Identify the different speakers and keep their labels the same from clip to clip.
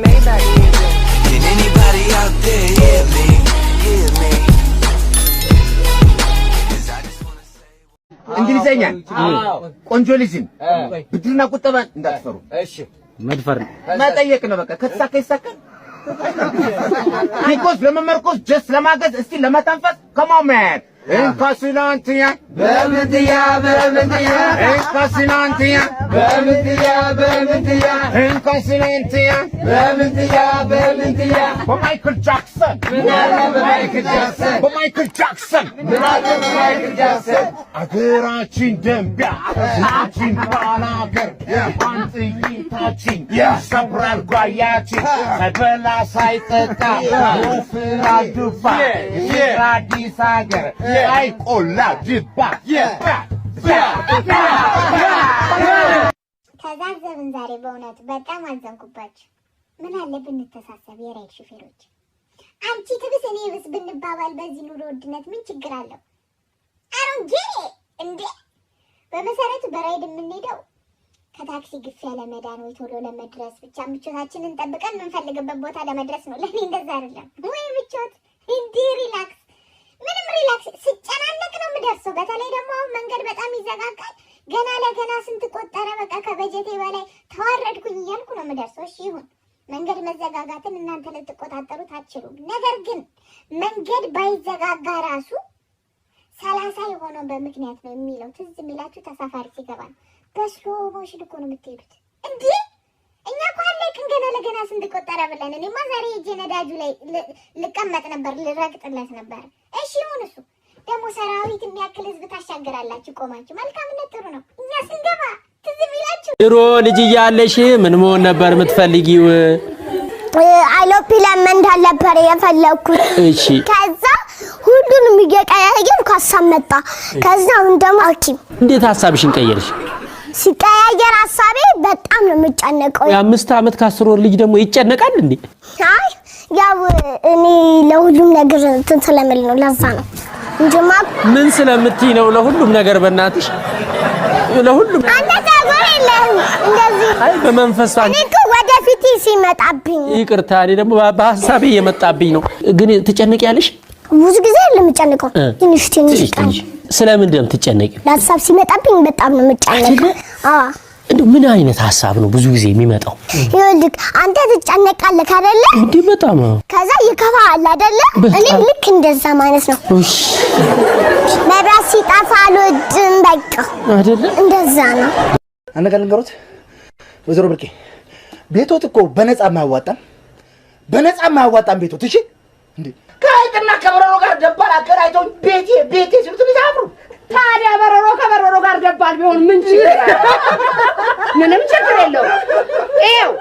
Speaker 1: the Maybach music. Can anybody out there hear me? Hear me? እንግሊዘኛ ብድርና ቁጠባ እንዳትፈሩ። እሺ መድፈር መጠየቅ ነው። በቃ ከተሳካ ይሳካል። ቢኮዝ ለመመርኮዝ ጀስት ለማገዝ እስቲ ለመተንፈስ እንኳስናንትያ
Speaker 2: eh? በምትያ eh? eh?
Speaker 1: በማይክል ጃክሰን
Speaker 2: በማይክል ጃክሰን
Speaker 1: አገራችን ደንቢያ ናችን ባላገር አንጥይታችን ይሰብራል ጓያችን ሳይበላ ሳይጠጣ ወፍራ ዱባ አዲስ አገር ተዛዘብን
Speaker 3: ዛሬ በእውነት በጣም አዘንኩባችሁ። ምን አለ ብንተሳሰብ የራይድ ሹፌሮች አንቺ ትብስ እኔ ብስ ብንባባል በዚህ ኑሮ ውድነት ምን ችግር አለው? አሮጌ እንዴ! በመሰረቱ በራይድ የምንሄደው ከታክሲ ግፊያ ለመዳን ወይ ቶሎ ለመድረስ ብቻ ምቾታችንን ጠብቀን የምንፈልግበት ቦታ ለመድረስ ነው። ለእኔ እንደዛ አይደለም ወይ ምቾት እንዲ በተለይ ደግሞ አሁን መንገድ በጣም ይዘጋጋል። ገና ለገና ስንት ቆጠረ፣ በቃ ከበጀቴ በላይ ተዋረድኩኝ እያልኩ ነው የምደርሰው። እሺ ይሁን መንገድ መዘጋጋትን እናንተ ልትቆጣጠሩት አትችሉም። ነገር ግን መንገድ ባይዘጋጋ ራሱ ሰላሳ የሆነው በምክንያት ነው የሚለው ትዝ የሚላችሁ ተሳፋሪ ሲገባ ነው። በስሎ ሞሽን እኮ ነው የምትሄዱት። እንዴ? እኛ እኮ ገና ለገና ስንት ቆጠረ ብለን። እኔማ ዛሬ ሄጄ ነዳጁ ላይ ልቀመጥ ነበር፣ ልረግጥለት ነበር። እሺ ይሁን እሱ ደግሞ ሰራዊት የሚያክል ህዝብ ታሻገራላችሁ ቆማችሁ። መልካምነት ጥሩ ነው። እኛ ስንገባ ትዝ ብላችሁ
Speaker 4: ድሮ ልጅ እያለሽ ምን መሆን ነበር የምትፈልጊው?
Speaker 3: አይሎፕላን መንዳት ነበር የፈለግኩት። እሺ። ከዛ ሁሉንም እየቀያየርኩ ሀሳብ መጣ። ከዛ አሁን ደግሞ ሐኪም።
Speaker 4: እንዴት ሀሳብሽን ቀየርሽ?
Speaker 3: ሲቀያየር ሀሳቤ በጣም ነው የምጨነቀው።
Speaker 4: የአምስት ዓመት ከአስር ወር ልጅ ደግሞ ይጨነቃል እንዴ?
Speaker 3: አይ ያው እኔ ለሁሉም ነገር እንትን ስለምል ነው፣ ለዛ ነው እንጂማ
Speaker 4: ምን ስለምትይ ነው? ለሁሉም ነገር በእናትሽ ለሁሉም አይ በመንፈስ አንተ
Speaker 3: እኮ ወደፊት ሲመጣብኝ
Speaker 4: ይቅርታ፣ እኔ ደግሞ በሀሳቤ እየመጣብኝ ነው። ግን ትጨነቂያለሽ?
Speaker 3: ብዙ ጊዜ ለምጨነቀው ትንሽ ትንሽ
Speaker 4: ስለምን እንደምትጨነቂ
Speaker 3: ለሀሳብ ሲመጣብኝ በጣም ነው የምጨነቀው።
Speaker 4: አዎ እንደው ምን አይነት ሀሳብ ነው ብዙ ጊዜ የሚመጣው?
Speaker 3: ይኸውልህ አንተ ትጨነቃለህ አይደለ? እንዴ በጣም ከዛ ይከፋ አለ አይደለ? እኔ ልክ እንደዛ ማለት ነው። እሺ መብራት ሲጠፋ አልወድም በቃ አይደለ? እንደዛ
Speaker 1: ነው። አንድ ቀን ልንገሮት ወይዘሮ ብርቄ ቤቶት እኮ በነፃ ማያዋጣም፣ በነፃ ማያዋጣም ቤቶት። እሺ እንዴ ከሀይቅና ከበረሮ ጋር ደባል አገናኝተው ቤቴ ቤቴ ሲሉት አብሩ ታዲያ በረሮ ከበረሮ ጋር ደባል ቢሆን ምን ችግር ምንም ችግር የለውም። ይኸው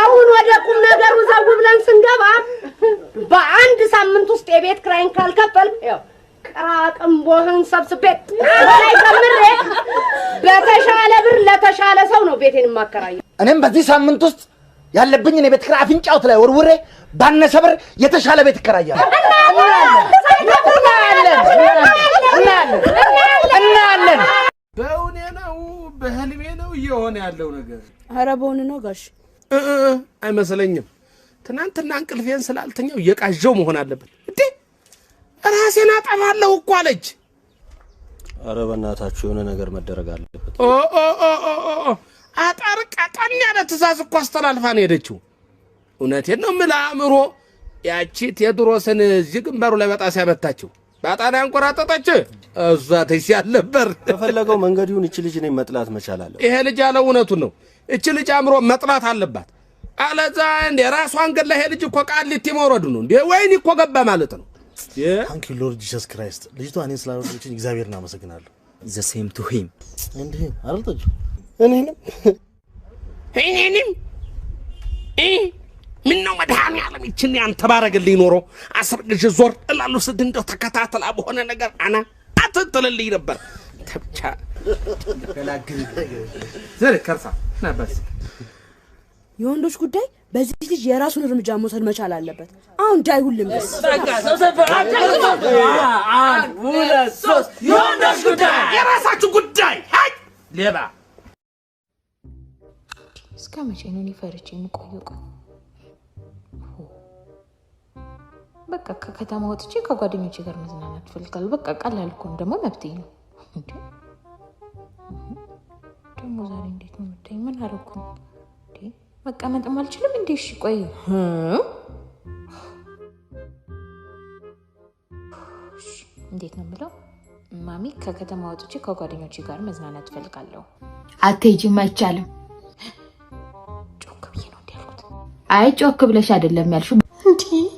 Speaker 1: አሁን ወደ ቁም ነገሩ ዘው ብለን ስንገባ በአንድ ሳምንት ውስጥ የቤት ክራይን ካልከፈል ይኸው ቦህን ሰብስቤ ላይ ከምሬ በተሻለ ብር ለተሻለ ሰው ነው ቤቴን የማከራየው። እኔም በዚህ ሳምንት ውስጥ ያለብኝን የቤት ክራይ አፍንጫውት ላይ ውርውሬ ባነሰ ብር የተሻለ ቤት እከራያለሁ።
Speaker 3: እናያለን።
Speaker 1: በእውኔ ነው በህልሜ ነው እየሆነ ያለው ነገር?
Speaker 3: ኧረ በእውን ነው ጋሽ
Speaker 1: አይመስለኝም። ትናንትና እንቅልፌን ስላልተኛው እየቃዣው መሆን አለበት። እንዴ ራሴን አጠፋለሁ እኮ አለች።
Speaker 4: ኧረ በእናታችሁ የሆነ ነገር መደረግ አለበት።
Speaker 1: አጠር ቀጠን ያለ ትእዛዝ እኮ አስተላልፋ ነው ሄደችው። እውነቴን ነው የምልህ አእምሮ ያቺ ቴድሮስን እዚህ ግንባሩ ላይ በጣም ሲያመታችው በጣና ያንቆራጠጠች እዛ ተይሲያል ነበር።
Speaker 4: በፈለገው መንገዲውን እች ልጅ እኔ መጥላት መቻል አለ።
Speaker 1: ይሄ ልጅ ያለው እውነቱን ነው። እች ልጅ አእምሮ መጥላት አለባት። አለዛ እንደ ራሷን ገላ ይሄ ልጅ እኮ ቃሊቲ መውረዱ ነው እንዴ! ወይን እኮ ገባ ማለት ነው።
Speaker 4: ታንክ ዩ ሎርድ ጂሰስ ክራይስት። ልጅቷ እኔን ስላወረደችኝ እግዚአብሔርን አመሰግናለሁ። ዘ ሴም ቱ ሂም
Speaker 1: እንዲህ አረልጠች እኔንም እኔንም ምን ነው መድኃኒዓለም ይችን አንተ ባረግልኝ ኖሮ አስር ዞር እላሉ ስድ እንደው ተከታተላ በሆነ ነገር አና አትጥልልኝ ነበር። ብቻ
Speaker 3: የወንዶች ጉዳይ በዚህ ልጅ የራሱን እርምጃ መውሰድ መቻል አለበት። አሁን ዳይ ሁሉም
Speaker 1: የወንዶች ጉዳይ የራሳችሁ ጉዳይ ሌባ
Speaker 3: እስከ መቼ ነው ፈርቼ የምቆየው? በቃ ከከተማ ወጥቼ ከጓደኞቼ ጋር መዝናናት ፈልጋል። በቃ ቀላል እኮ ደግሞ መብቴ ነው። ደግሞ ዛሬ እንዴት ነው የምታይ? ምን አደረኩ? መቀመጥም አልችልም እንዴ? እሺ ቆይ እንዴት ነው የምለው? ማሚ ከከተማ ወጥቼ ከጓደኞቼ ጋር መዝናናት ፈልጋለሁ። አትሄጂም፣ አይቻልም። ጮክ ብዬ ነው እንዲያልኩት። አይ ጮክ ብለሽ አይደለም ያልሽው እንዲህ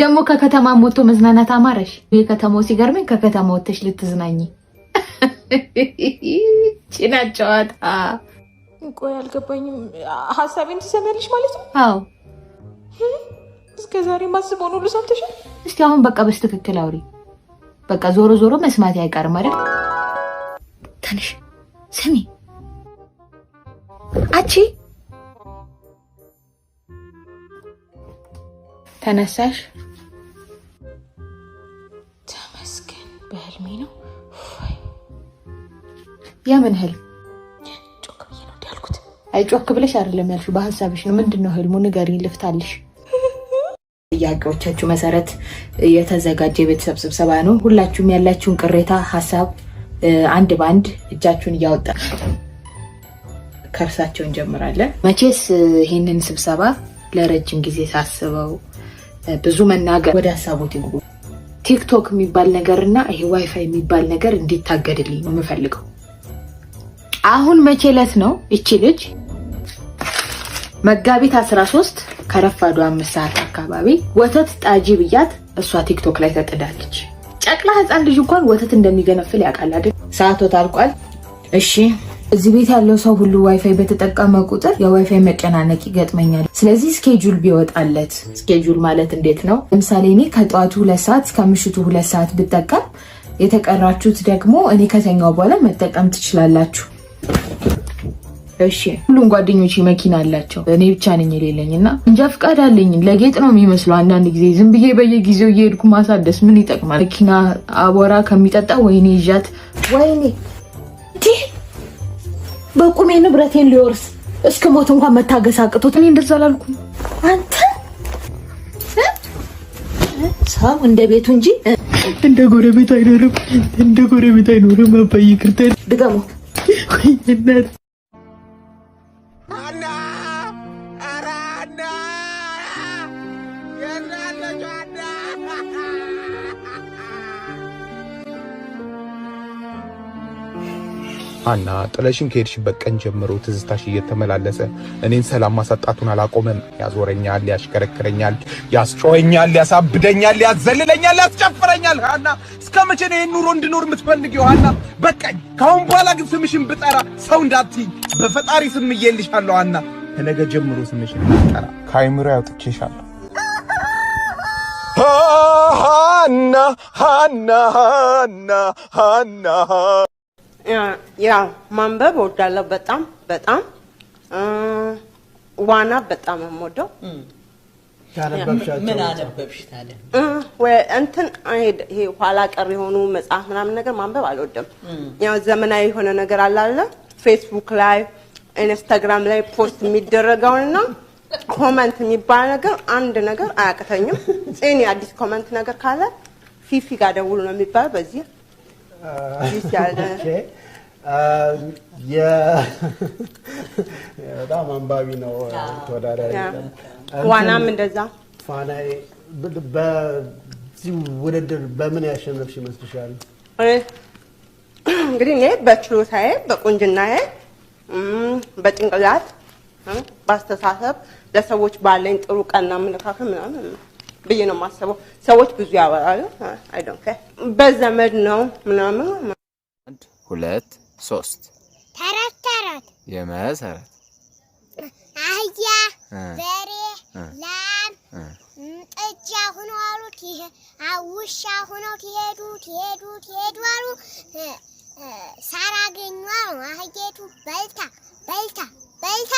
Speaker 3: ደግሞ ከከተማ ወጥቶ መዝናናት አማረሽ። የከተማው ሲገርመኝ ከከተማ ወጥተሽ ልትዝናኝ ጭና ጨዋታ። ቆይ አልገባኝም። ሀሳቤን ትሰሚያለሽ ማለት ነው? አዎ እስከ ዛሬ ማስበውን ሁሉ ሰምተሻል። እስቲ አሁን በቃ በስትክክል አውሪ። በቃ ዞሮ ዞሮ መስማት አይቀርም አይደል? ትንሽ ስሚ አቺ ተነሳሽ በህልሜ ነው የምን ህልም? ጮክ ብዬ ነው አይ ጮክ ብለሽ አይደለም ያልሽው፣ በሀሳብሽ ነው። ምንድን ነው ህልሙ? ንገሪኝ፣ ልፍታልሽ። ጥያቄዎቻችሁ መሰረት የተዘጋጀ የቤተሰብ ስብሰባ ነው። ሁላችሁም ያላችሁን ቅሬታ፣ ሀሳብ አንድ በአንድ እጃችሁን እያወጣ ከእርሳቸው እንጀምራለን። መቼስ ይህንን ስብሰባ ለረጅም ጊዜ ሳስበው ብዙ መናገር ወደ ሀሳቦት ይግቡ። ቲክቶክ የሚባል ነገር እና ይሄ ዋይፋይ የሚባል ነገር እንዲታገድልኝ ነው የምፈልገው። አሁን መቼ ዕለት ነው እቺ ልጅ መጋቢት 13 ከረፋዱ አምስት ሰዓት አካባቢ ወተት ጣጂ ብያት እሷ ቲክቶክ ላይ ተጥዳለች። ጨቅላ ህፃን ልጅ እንኳን ወተት እንደሚገነፍል ያውቃል አይደል? ታልቋል። እሺ እዚህ ቤት ያለው ሰው ሁሉ ዋይፋይ በተጠቀመ ቁጥር የዋይፋይ መጨናነቅ ይገጥመኛል። ስለዚህ ስኬጁል ቢወጣለት። ስኬጁል ማለት እንዴት ነው? ለምሳሌ እኔ ከጠዋቱ ሁለት ሰዓት እስከ ምሽቱ ሁለት ሰዓት ብጠቀም፣ የተቀራችሁት ደግሞ እኔ ከተኛው በኋላ መጠቀም ትችላላችሁ። እሺ ሁሉም ጓደኞች መኪና አላቸው፣ እኔ ብቻ ነኝ የሌለኝ እና እንጃ ፍቃድ አለኝ። ለጌጥ ነው የሚመስለው አንዳንድ ጊዜ ዝም ብዬ በየጊዜው እየሄድኩ ማሳደስ ምን ይጠቅማል? መኪና አቧራ ከሚጠጣ ወይኔ ይዣት ወይኔ በቁሜ ንብረቴን ሊወርስ እስከ ሞት እንኳን መታገስ አቅቶት። እኔ እንደዛ አላልኩም። አንተ ሰው እንደ ቤቱ እንጂ እንደ ጎረቤት አይኖርም፣ እንደ ጎረቤት አይኖርም። አባዬ ይቅርታ። ድገሞ አና
Speaker 1: ሀና ጥለሽን ከሄድሽበት ቀን ጀምሮ ትዝታሽ እየተመላለሰ እኔን ሰላም ማሳጣቱን አላቆመም። ያዞረኛል፣ ያሽከረክረኛል፣ ያስጮኸኛል፣ ያሳብደኛል፣ ያዘልለኛል፣ ያስጨፍረኛል። ሀና እስከ መቼ ነው ይህን ኑሮ እንድኖር የምትፈልጊው? ሀና በቃኝ። ከአሁን በኋላ ግን ስምሽን ብጠራ ሰው እንዳትይኝ በፈጣሪ ስም እየልሻለሁ። ሀና ከነገ ጀምሮ ስምሽን ብጠራ ከአይምሮ ያውጥቼሻለሁ። ሀና
Speaker 5: ሀና ሀና ሀና ያ ማንበብ ወዳለው በጣም በጣም ዋና በጣም የምወደው
Speaker 3: ምን አነበብሽ
Speaker 5: እንትን ይሄ ኋላ ቀር የሆኑ መጽሐፍ ምናምን ነገር ማንበብ አልወደም። ያው ዘመናዊ የሆነ ነገር አላለ ፌስቡክ ላይ ኢንስታግራም ላይ ፖስት የሚደረገውንና ኮመንት የሚባል ነገር አንድ ነገር አያቅተኝም። ጽን አዲስ ኮመንት ነገር ካለ ፊፊ ጋር ደውሉ ነው የሚባለው በዚህ
Speaker 1: በጣም አንባቢ ነው ተወዳዳሪ።
Speaker 5: ዋናም እንደዛ
Speaker 1: ፋና በዚህ ውድድር በምን ያሸነፍሽ ይመስልሻል?
Speaker 5: እንግዲህ እኔ በችሎታዬ፣ በቁንጅናዬ፣ በጭንቅላት፣ በአስተሳሰብ ለሰዎች ባለኝ ጥሩ ቀና አመለካከት ምናምን ብዬ ነው የማስበው። ሰዎች ብዙ ያወራሉ። አይ በዘመድ ነው ምናምን።
Speaker 4: አንድ ሁለት ሶስት
Speaker 6: ተረት ተረት
Speaker 4: የመሰረት
Speaker 6: አህያ፣ በሬ፣ ላም፣ ጥጃ ሁኖ አሉ ውሻ ሁኖ ትሄዱ ትሄዱ ትሄዱ አሉ ሳራ አገኙ አሉ አህየቱ በልታ በልታ በልታ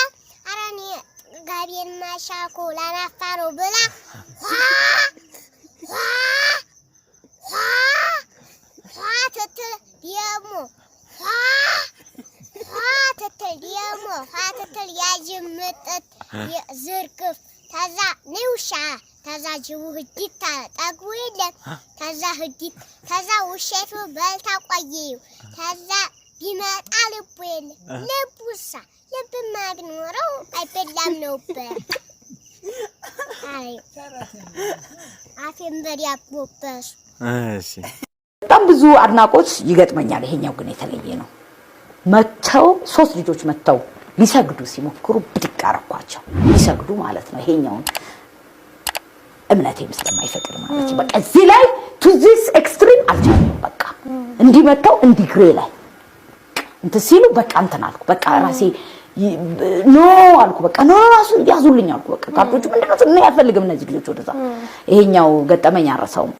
Speaker 6: አራኔ ጋቤን ማሻኮ ላናፋ ነው ብላ ዝርግፍ ተዛ ነይ ውሻ ተዛ ጅቡ ህዲት ታጠግቡ የለም ተዛ ህዲት ተዛ ውሸቱ በልታ ቆየዩ ተዛ ቢመጣ ልቡ የለም ልቡሳ ልብ ማግኖረው አይበላም ነበር።
Speaker 3: በጣም ብዙ አድናቆት ይገጥመኛል። ይሄኛው ግን የተለየ ነው። መተው ሶስት ልጆች መተው ሊሰግዱ ሲሞክሩ ብድግ አረኳቸው። ሊሰግዱ ማለት ነው። ይሄኛውን እምነቴም ስለማይፈቅድ ማለት በቃ እዚህ ላይ ቱ ዚስ ኤክስትሪም አልቻለም። በቃ እንዲህ እንዲግሬ ላይ እንትን ሲሉ በቃ እንትን አልኩ። በቃ ራሴ ኖ አልኩ። በቃ ኖ ራሱ ያዙልኝ አልኩ። በቃ ካርዶቹ ምንድነው? ምን አያስፈልግም። እነዚህ ልጆች ወደዛ ይሄኛው ገጠመኝ አረሳውም።